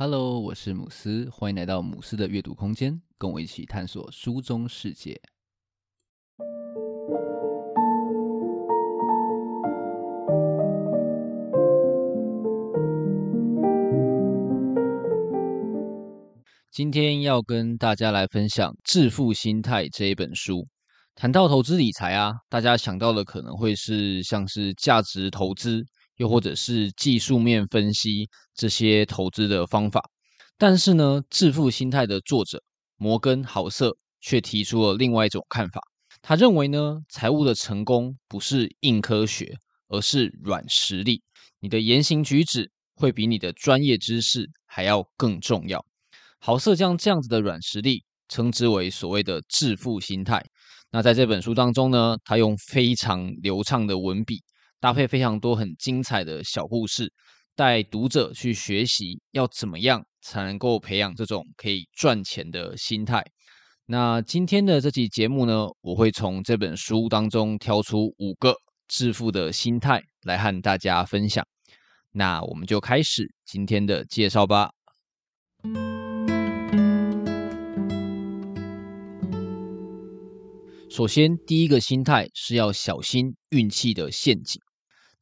Hello，我是姆斯，歡迎來到姆斯的閱讀空間，跟我一起探索書中世界。今天要跟大家來分享《致富心態》這一本書。談到投資理財啊，大家想到的可能會是像是價值投資。又或者是技術面分析這些投資的方法，但是呢，致富心態的作者摩根豪瑟卻提出了另外一種看法。他認為呢，財務的成功不是硬科學，而是軟實力。你的言行舉止會比你的專業知識還要更重要。豪瑟將這樣子的軟實力稱之為所謂的致富心態。那在這本書當中呢，他用非常流暢的文筆。搭配非常多很精彩的小故事，帶讀者去學習要怎麼樣才能夠培養這種可以賺錢的心態。那今天的這期節目呢，我會從這本書當中挑出五個致富的心態來和大家分享。那我們就開始今天的介紹吧。首先，第一個心態是要小心運氣的陷阱。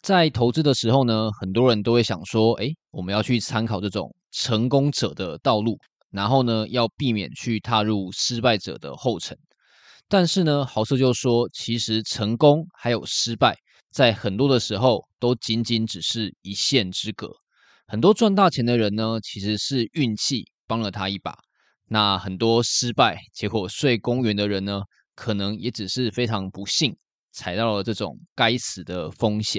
在投資的時候呢，很多人都會想說：“哎、欸，我們要去參考這種成功者的道路，然後呢，要避免去踏入失敗者的後塵。”但是呢，豪瑟就說：“其實成功還有失敗，在很多的時候都僅僅只是一線之隔。很多賺大錢的人呢，其實是運氣幫了他一把；那很多失敗，結果睡公園的人呢，可能也只是非常不幸踩到了這種該死的風險。”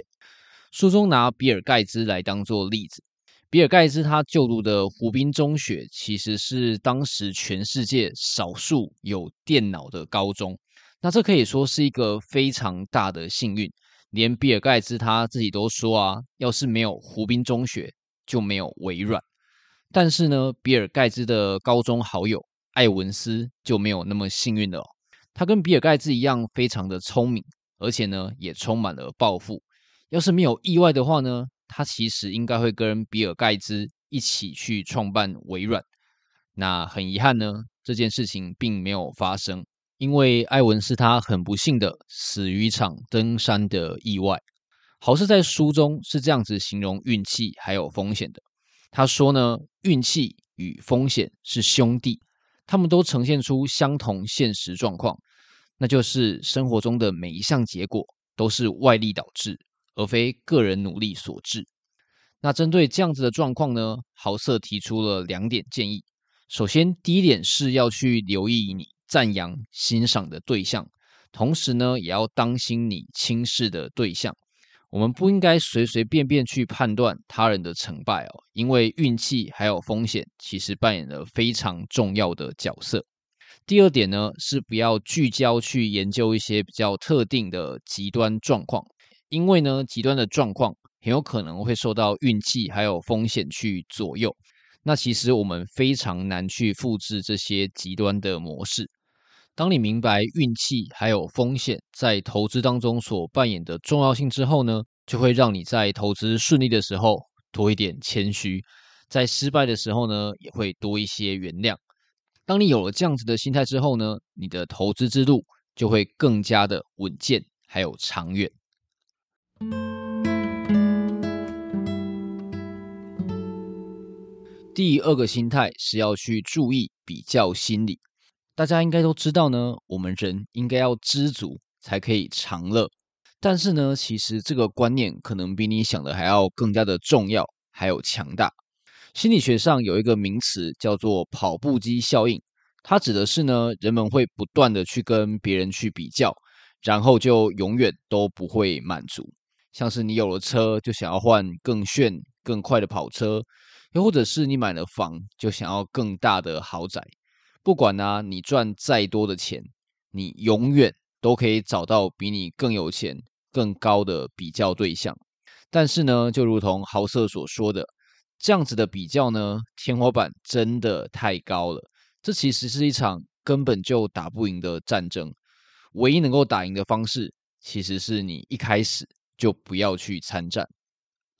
書中拿比爾蓋茨來當做例子。比爾蓋茨他就讀的湖濱中學，其實是當時全世界少數有電腦的高中。那這可以說是一個非常大的幸運。連比爾蓋茨他自己都說啊，要是沒有湖濱中學，就沒有微軟。但是呢，比爾蓋茨的高中好友艾文斯就沒有那麼幸運了哦。他跟比爾蓋茨一樣非常的聰明，而且呢，也充滿了抱負。要是沒有意外的話呢，他其實應該會跟比爾蓋茨一起去創辦微軟。那很遺憾呢，這件事情並沒有發生，因為艾文斯他很不幸的死於一場登山的意外。豪瑟在書中是這樣子形容運氣還有風險的，他說呢，運氣與風險是兄弟，他們都呈現出相同現實狀況，那就是生活中的每一項結果都是外力導致，而非個人努力所致。那針對這樣子的狀況呢，豪瑟提出了兩點建議。首先，第一點是要去留意你讚揚欣賞的對象，同時呢，也要當心你輕視的對象。我們不應該隨隨便便去判斷他人的成敗哦，因為運氣還有風險其實扮演了非常重要的角色。第二點呢，是不要聚焦去研究一些比較特定的極端狀況。因為呢，極端的狀況很有可能會受到運氣還有風險去左右。那其實我們非常難去複製這些極端的模式。當你明白運氣還有風險在投資當中所扮演的重要性之後呢，就會讓你在投資順利的時候多一點謙虛，在失敗的時候呢，也會多一些原諒。當你有了這樣子的心態之後呢，你的投資之路就會更加的穩健還有長遠。第二個心態是要去注意比較心理。大家應該都知道呢，我們人應該要知足才可以常樂。但是呢，其實這個觀念可能比你想的還要更加的重要，還有強大。心理學上有一個名詞叫做“跑步機效應”，它指的是呢，人們會不斷的去跟別人去比較，然後就永遠都不會滿足。像是你有了車就想要換更炫更快的跑車，又或者是你買了房就想要更大的豪宅。不管呢、啊，你賺再多的錢，你永遠都可以找到比你更有錢更高的比較對象。但是呢，就如同豪瑟所說的，這樣子的比較呢，天花板真的太高了。這其實是一場根本就打不贏的戰爭。唯一能夠打贏的方式，其實是你一開始。就不要去參戰，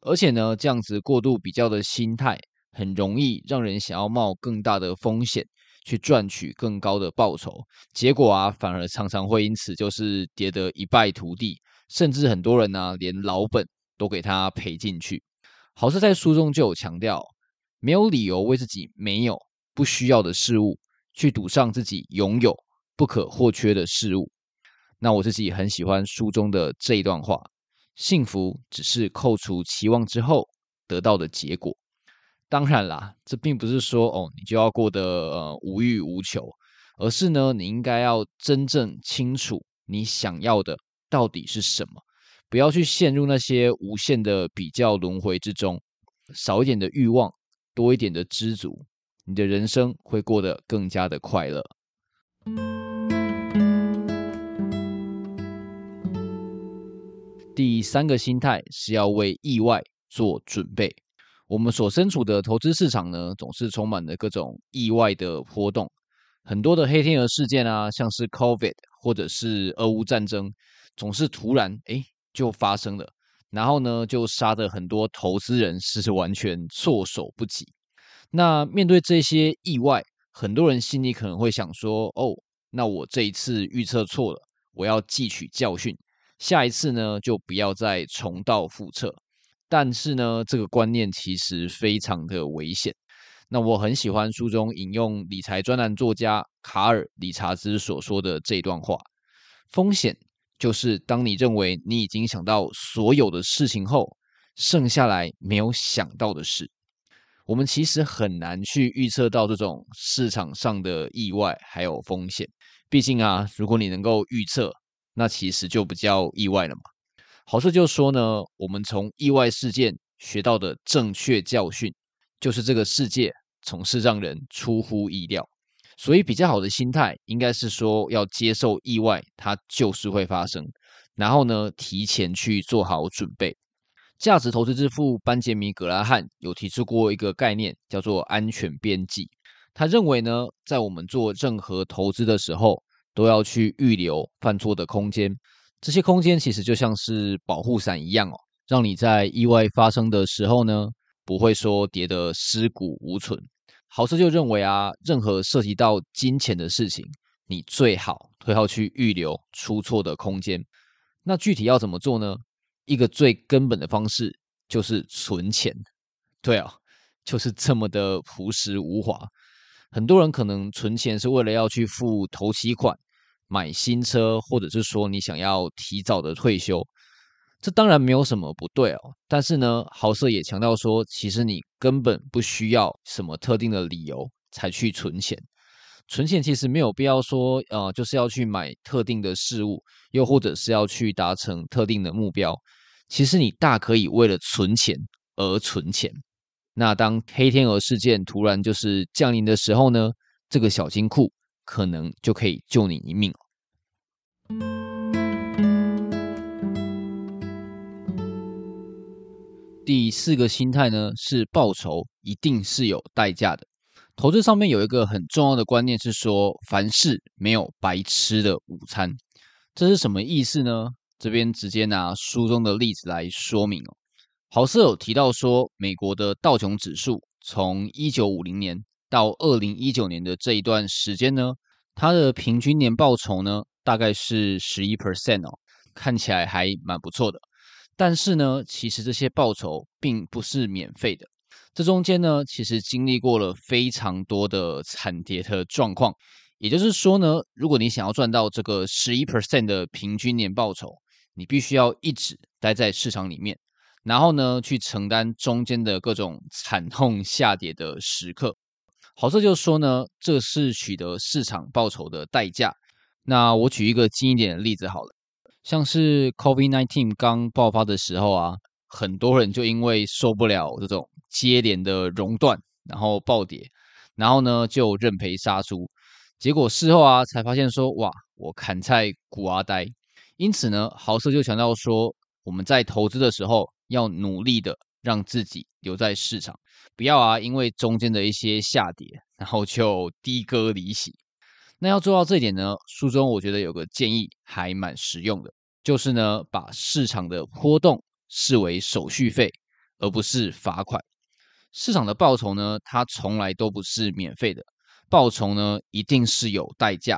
而且呢，這樣子過度比較的心態，很容易讓人想要冒更大的風險去賺取更高的報酬，結果啊，反而常常會因此就是跌得一敗塗地，甚至很多人呢，啊，連老本都給他賠進去。好似在書中就有強調，沒有理由為自己沒有不需要的事物，去賭上自己擁有不可或缺的事物。那我自己很喜歡書中的這一段話。幸福只是扣除期望之後得到的結果。當然啦，這並不是說哦，你就要過得呃無欲無求，而是呢，你應該要真正清楚你想要的到底是什麼。不要去陷入那些無限的比較輪迴之中，少一點的欲望，多一點的知足，你的人生會過得更加的快樂。第三個心態是要為意外做準備。我們所身處的投資市場呢，總是充滿了各種意外的波動，很多的黑天鵝事件啊，像是 COVID 或者是俄烏戰爭，總是突然哎就發生了，然後呢就殺得很多投資人是是完全措手不及。那面對這些意外，很多人心裡可能會想說：哦，那我這一次預測錯了，我要汲取教訓。下一次呢，就不要再重蹈覆轍。但是呢，這個觀念其實非常的危險。那我很喜歡書中引用理財專欄作家卡爾·理查茲所說的這段話：“風險就是當你認為你已經想到所有的事情後，剩下來沒有想到的事。”我們其實很難去預測到這種市場上的意外還有風險。畢竟啊，如果你能夠預測。那其實就不叫意外了嘛。好處就是說呢，我們從意外事件學到的正確教訓，就是這個世界總是讓人出乎意料。所以比較好的心態應該是說，要接受意外，它就是會發生。然後呢，提前去做好準備。價值投資之父班傑明·格拉漢有提出過一個概念，叫做安全邊際。他認為呢，在我們做任何投資的時候，都要去預留犯錯的空間，這些空間其實就像是保護傘一樣哦，讓你在意外發生的時候呢，不會說跌得屍骨無存。豪瑟就認為啊，任何涉及到金錢的事情，你最好都要去預留出錯的空間。那具體要怎麼做呢？一個最根本的方式就是存錢，對啊、哦，就是這麼的樸實無華。很多人可能存錢是為了要去付頭期款。買新車，或者是說你想要提早的退休，這當然沒有什麼不對哦。但是呢，豪瑟也強調說，其實你根本不需要什麼特定的理由才去存錢。存錢其實沒有必要說，呃，就是要去買特定的事物，又或者是要去達成特定的目標。其實你大可以為了存錢而存錢。那當黑天鵝事件突然就是降臨的時候呢，這個小金庫。可能就可以救你一命哦。第四個心態呢，是報酬一定是有代價的。投資上面有一個很重要的觀念是說，凡事沒有白吃的午餐。這是什麼意思呢？這邊直接拿書中的例子來說明哦。好，書有提到說，美國的道瓊指數從一九五零年。到二零一九年的這一段時間呢，它的平均年報酬呢大概是十一 percent 哦，看起來還蠻不錯的。但是呢，其實這些報酬並不是免費的。這中間呢，其實經歷過了非常多的慘跌的狀況。也就是說呢，如果你想要賺到這個十一 percent 的平均年報酬，你必須要一直待在市場裡面，然後呢，去承擔中間的各種慘痛下跌的時刻。豪瑟就說呢，這是取得市場報酬的代價。那我舉一個近一點的例子好了，像是 COVID-19 剛爆發的時候啊，很多人就因為受不了這種接連的熔斷，然後暴跌，然後呢就認賠殺出。結果事後啊才發現說，哇，我砍菜谷阿呆。因此呢，豪瑟就強調說，我們在投資的時候要努力的，讓自己留在市場，不要啊，因為中間的一些下跌，然後就低歌離席。那要做到這一點呢，書中我覺得有個建議還蠻實用的，就是呢，把市場的波動視為手續費，而不是罰款。市場的報酬呢，它從來都不是免費的，報酬呢一定是有代價。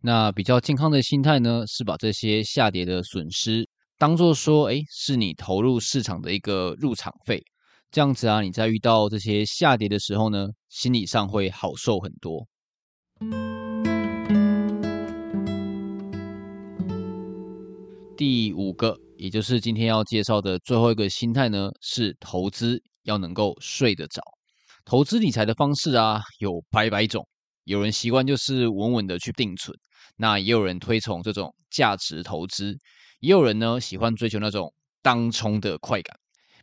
那比較健康的心態呢，是把這些下跌的損失。當作說誒，是你投入市場的一個入場費，這樣子啊，你在遇到這些下跌的時候呢，心理上會好受很多。第五個，也就是今天要介紹的最後一個心態呢，是投資要能夠睡得着。投資理財的方式啊，有百百種，有人習慣就是穩穩地去定存，那也有人推崇這種價值投資。也有人呢，喜歡追求那種當沖的快感，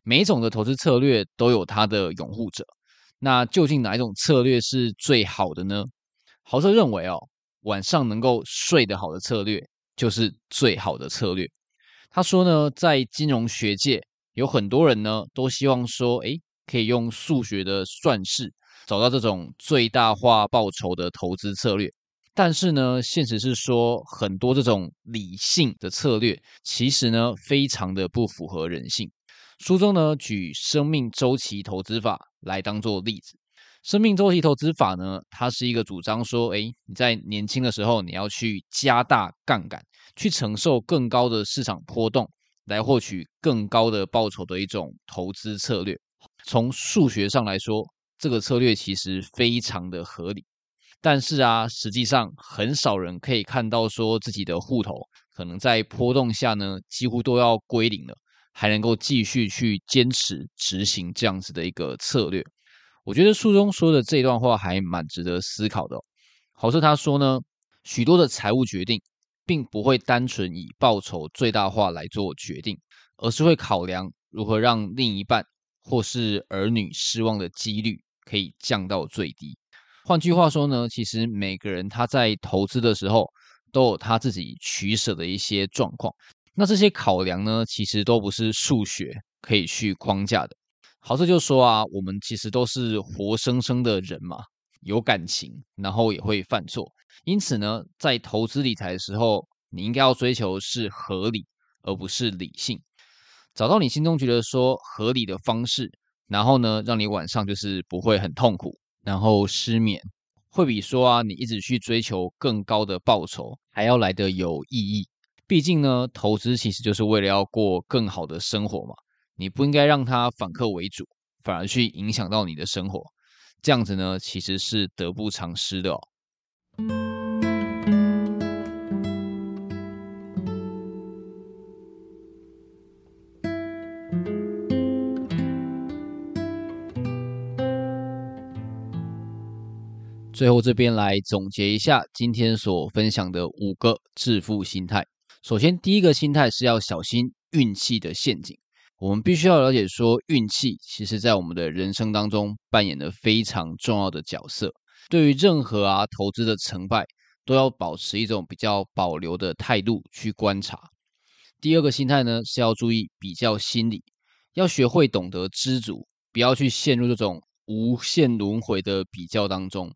每一種的投資策略都有它的擁護者。那究竟哪一種策略是最好的呢？豪瑟認為哦，晚上能夠睡得好的策略就是最好的策略。他說呢，在金融學界有很多人呢都希望說，哎，可以用數學的算式找到這種最大化報酬的投資策略。但是呢，現實是說很多這種理性的策略，其實呢非常的不符合人性。書中呢舉生命周期投資法來當做例子。生命周期投資法呢，它是一個主張說，欸，你在年輕的時候你要去加大槓桿，去承受更高的市場波動，來獲取更高的報酬的一種投資策略。從數學上來說，這個策略其實非常的合理。但是啊，實際上很少人可以看到說自己的戶頭可能在波動下呢，幾乎都要歸零了，還能夠繼續去堅持執行這樣子的一個策略。我覺得書中說的這段話還蠻值得思考的哦。好似他說呢，許多的財務決定並不會單純以報酬最大化來做決定，而是會考量如何讓另一半或是兒女失望的幾率可以降到最低。換句話說呢，其實每個人他在投資的時候都有他自己取捨的一些狀況。那這些考量呢，其實都不是數學可以去框架的。好，這就說啊，我們其實都是活生生的人嘛，有感情，然後也會犯錯。因此呢，在投資理財的時候，你應該要追求是合理，而不是理性。找到你心中覺得說合理的方式，然後呢，讓你晚上就是不會很痛苦。然後失眠會比說啊，你一直去追求更高的報酬還要來得有意義。畢竟呢，投資其實就是為了要過更好的生活嘛。你不應該讓它反客為主，反而去影響到你的生活，這樣子呢，其實是得不償失的哦。最後這邊來總結一下今天所分享的五個致富心態。首先，第一個心態是要小心運氣的陷阱。我們必須要了解說，運氣其實在我們的人生當中扮演了非常重要的角色。對於任何啊投資的成敗，都要保持一種比較保留的態度去觀察。第二個心態呢，是要注意比較心理，要學會懂得知足，不要去陷入這種無限輪迴的比較當中。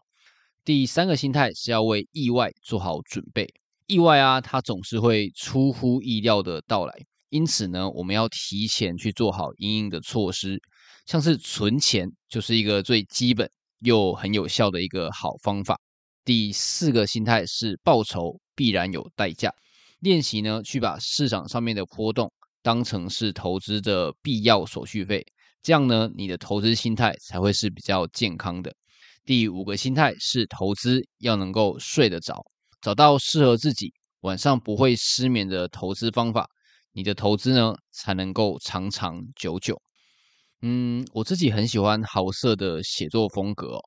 第三個心態是要為意外做好準備，意外啊，它總是會出乎意料的到來，因此呢，我們要提前去做好因應的措施，像是存錢就是一個最基本又很有效的一個好方法。第四個心態是報酬必然有代價，練習呢，去把市場上面的波動當成是投資的必要手續費，這樣呢，你的投資心態才會是比較健康的。第五個心態是投資要能夠睡得着，找到適合自己晚上不會失眠的投資方法，你的投資呢才能夠長長久久。嗯，我自己很喜歡豪瑟的寫作風格，哦，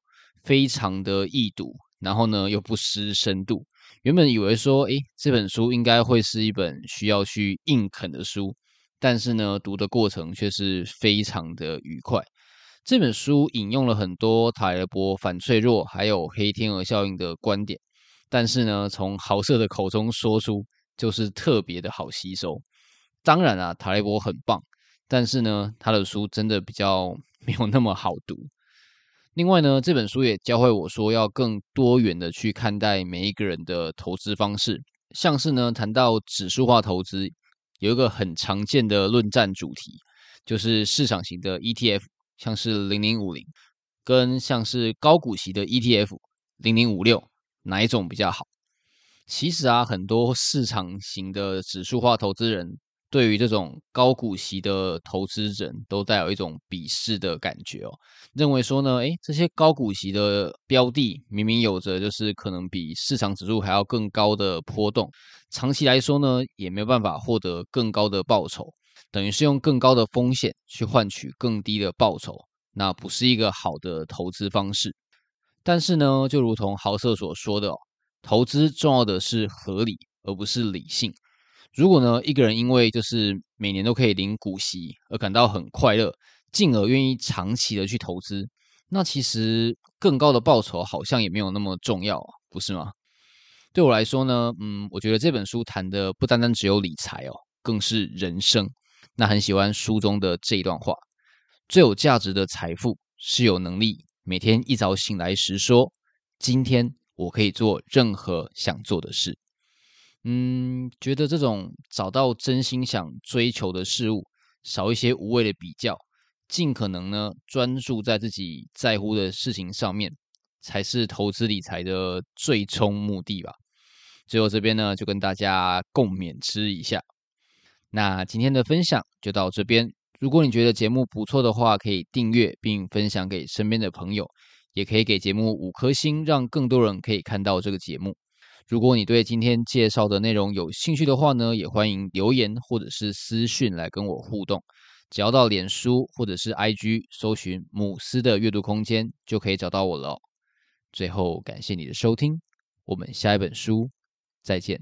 非常的易讀，然後呢又不失深度。原本以為說，哎，這本書應該會是一本需要去硬啃的書，但是呢，讀的過程卻是非常的愉快。這本書引用了很多塔雷伯反脆弱還有黑天鵝效應的觀點，但是呢，從豪瑟的口中說出就是特別的好吸收。當然啊，塔雷伯很棒，但是呢，他的書真的比較沒有那麼好讀。另外呢，這本書也教會我說要更多元的去看待每一個人的投資方式，像是呢，談到指數化投資，有一個很常見的論戰主題，就是市場型的 ETF。像是零零五零，跟像是高股息的 ETF 零零五六，哪一種比較好？其實啊，很多市場型的指數化投資人對於這種高股息的投資人都帶有一種鄙視的感覺哦，認為說呢，誒，這些高股息的標的明明有着就是可能比市場指數還要更高的波動，長期來說呢，也沒有辦法獲得更高的報酬。等於是用更高的風險去換取更低的報酬，那不是一個好的投資方式。但是呢，就如同豪瑟所說的，投資重要的是合理，而不是理性。如果呢，一個人因為就是每年都可以領股息而感到很快樂，進而願意長期的去投資，那其實更高的報酬好像也沒有那麼重要，不是嗎？對我來說呢，嗯，我覺得這本書談的不單單只有理財哦，更是人生。那很喜歡書中的這一段話，最有價值的財富是有能力每天一早醒來時說，今天我可以做任何想做的事。嗯，覺得這種找到真心想追求的事物，少一些無謂的比較，盡可能呢專注在自己在乎的事情上面，才是投資理財的最終目的吧。最後這邊呢就跟大家共勉之一下。那今天的分享就到這邊。如果你覺得節目不錯的話，可以訂閱並分享給身邊的朋友，也可以給節目五顆星，讓更多人可以看到這個節目。如果你對今天介紹的內容有興趣的話呢，也歡迎留言或者是私訊來跟我互動。只要到臉書或者是 IG 搜尋“姆斯的閱讀空間”就可以找到我了哦。最後感謝你的收聽，我們下一本書再見。